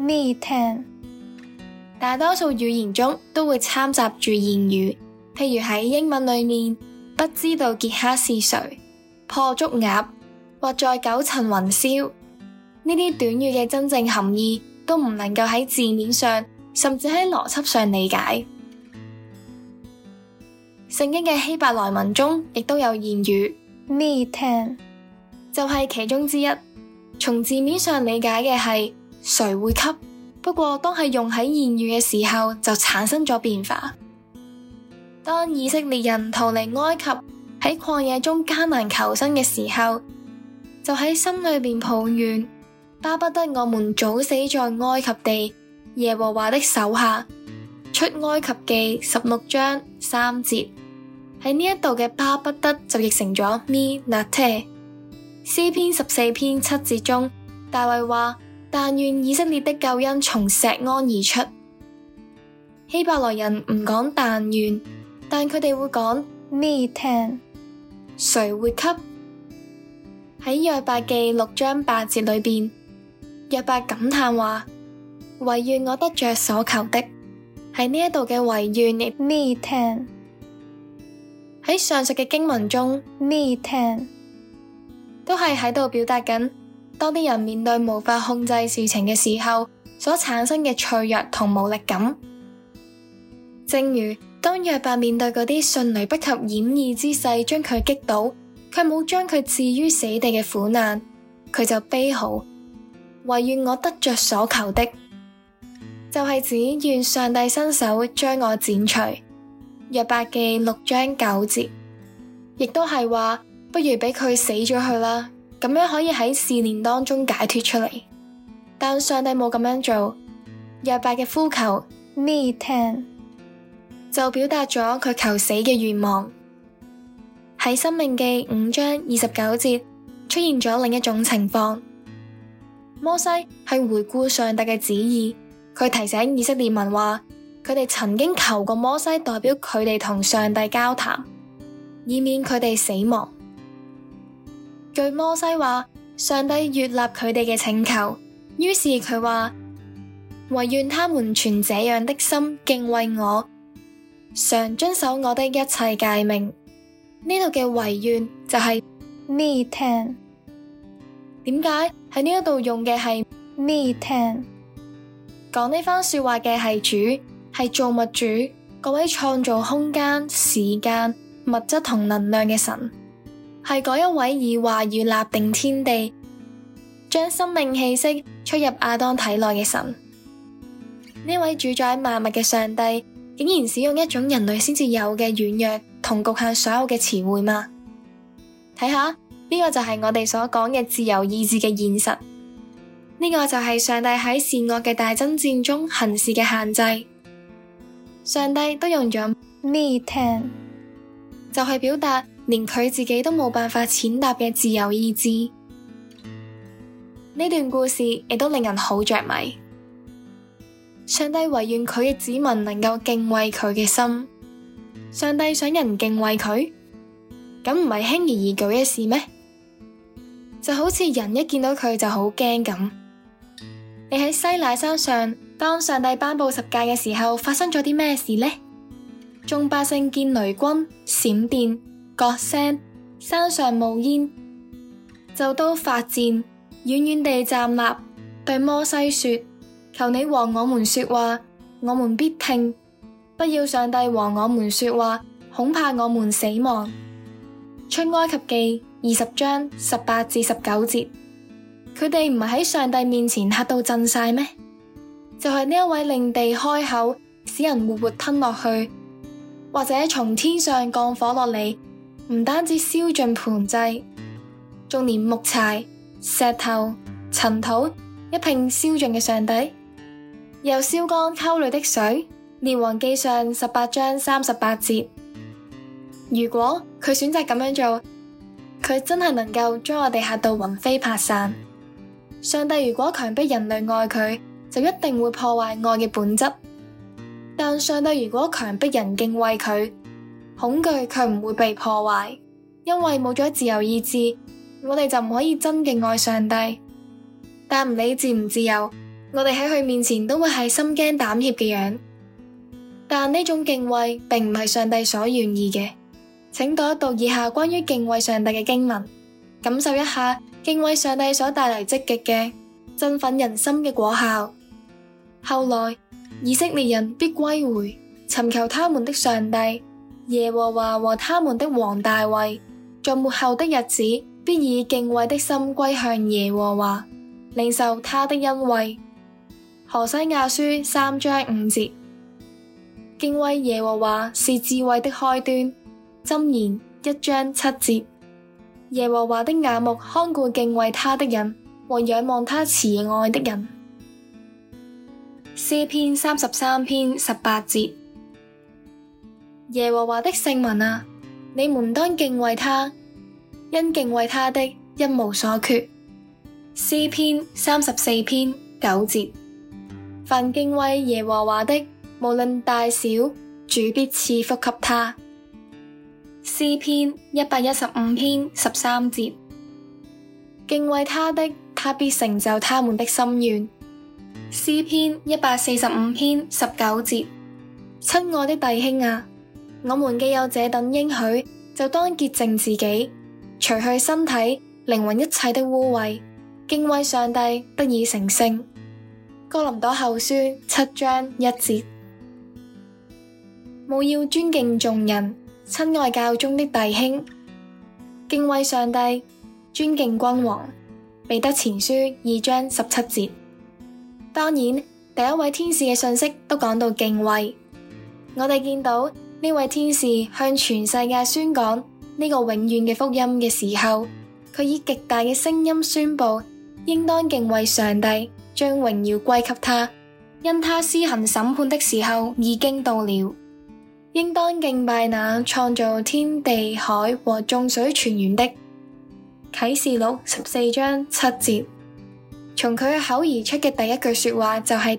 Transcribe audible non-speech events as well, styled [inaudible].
Mi Yittan？大多數語言中都會參雜住諺語，譬如喺英文裏面，不知道傑克是誰，破竹鴨或在九層雲霄，呢啲短語嘅真正含義都唔能夠喺字面上，甚至喺邏輯上理解。聖經嘅希伯來文中亦都有諺語 Mi Yittan， [noise] 就係其中之一。從字面上理解嘅係。誰會給？不過當係用喺言語嘅時候，就產生咗變化。當以色列人逃離埃及喺曠野中艱難求生嘅時候，就喺心裏邊抱怨，巴不得我們早死在埃及地耶和華的手下。出埃及記十六章三節喺呢一度嘅巴不得就譯成咗 mi nate。詩篇十四篇七節中，大衛話。但願以色列的救恩從石安而出。希伯來人唔講但願，但佢哋會講 Mi Yittan。誰會給？喺約伯記六章八節裏面，約伯感嘆話：唯願我得着所求的。喺呢一度嘅唯願 Mi Yittan，喺上述嘅經文中 Mi Yittan 都係喺度表達緊。當啲人面對無法控制事情嘅時候，所產生嘅脆弱同無力感，正如當約伯面對嗰啲迅雷不及掩耳之勢將佢擊倒，卻冇將佢置於死地嘅苦難，佢就悲號，唯願我得着所求的，就係、是、指願上帝伸手將我剪除。約伯記六章九節，亦都係話，不如俾佢死咗去啦。咁樣可以喺試煉當中解脫出嚟，但上帝冇咁樣做。約伯嘅呼求，Meet 咩聽， [music] 就表達咗佢求死嘅願望。喺《生命記》五章二十九節出現咗另一種情況。摩西係回顧上帝嘅旨意，佢提醒以色列民話，佢哋曾經求過摩西代表佢哋同上帝交談，以免佢哋死亡。據摩西話，上帝悅納佢哋嘅請求，於是佢話：唯願他們存這樣的心敬畏我，常遵守我的一切誡命。呢度嘅唯願就係 Mi Yittan。點解喺呢度用嘅係 Mi Yittan？講呢番說話嘅係主，係造物主，各位創造空間、時間、物質同能量嘅神。係嗰一位以話語立定天地，將生命氣息吹入亞當體內嘅神，呢位主宰萬物嘅上帝，竟然使用一種人類先至有嘅軟弱同局限所有嘅詞彙嘛？睇下呢個就係我哋所講嘅自由意志嘅現實，呢、這個就係上帝喺善惡嘅大爭戰中行事嘅限制。上帝都用咗 me 聽。Ten. 就係表達連佢自己都冇辦法踐踏嘅自由意志。呢段故事亦都令人好着迷。上帝唯願佢嘅子民能夠敬畏佢嘅心。上帝想人敬畏佢，咁唔係輕而易舉嘅事咩？就好似人一見到佢就好驚咁。你喺西奈山上當上帝頒布十誡嘅時候，發生咗啲咩事呢？眾百姓見雷轟、閃電、角聲、山上冒煙，就都發顫，遠遠地站立，對摩西說：求你和我們說話，我們必聽；不要上帝和我們說話，恐怕我們死亡。出埃及記二十章十八至十九節，佢哋唔係喺上帝面前吓到震晒咩？就係、是、呢一位令地開口，使人活活吞落去。或者從天上降火落嚟，唔單止燒盡燔祭，仲連木柴、石頭、塵土一並燒盡嘅上帝，又燒乾溝裏的水。列王記上十八章三十八節：如果佢選擇咁樣做，佢真係能夠將我哋吓到魂飛魄散。上帝如果強迫人類愛佢，就一定會破壞愛嘅本質。但上帝如果強迫人敬畏佢，恐懼佢唔會被破壞，因為冇咗自由意志，我哋就唔可以真敬愛上帝。但唔理自唔自由，我哋喺佢面前都會係心驚膽怯嘅樣。但呢種敬畏並唔係上帝所願意嘅。請讀一讀以下關於敬畏上帝嘅經文，感受一下敬畏上帝所帶嚟積極嘅、振奮人心嘅果效。後來。以色列人必歸回，尋求他們的上帝耶和華和他們的王大衛，在末後的日子，必以敬畏的心歸向耶和華，領受他的恩惠。何西阿書三章五節，敬畏耶和華是智慧的開端。箴言一章七節，耶和華的眼目看顧敬畏他的人和仰望他慈愛的人。詩篇三十三篇十八節，耶和華的聖民啊，你們當敬畏他，因敬畏他的，一無所缺。詩篇三十四篇九節，凡敬畏耶和華的，無論大小，主必賜福給他。詩篇一百一十五篇十三節，敬畏他的，他必成就他們的心願。詩篇一百四十五篇十九節，親愛的弟兄啊，我們既有這等應許，就當潔淨自己，除去身體、靈魂一切的污穢，敬畏上帝，得以成聖。哥林多後書七章一節，務要尊敬眾人，親愛教中的弟兄，敬畏上帝，尊敬君王。彼得前書二章十七節。當然，第一位天使嘅信息都講到敬畏。我哋見到呢位天使向全世界宣講呢、這個永遠嘅福音嘅時候，佢以極大嘅聲音宣布：應當敬畏上帝，將榮耀歸給他，因他施行審判的時候已經到了。應當敬拜那創造天地海和眾水泉源的。啟示錄十四章七節。從佢口而出嘅第一句說話就係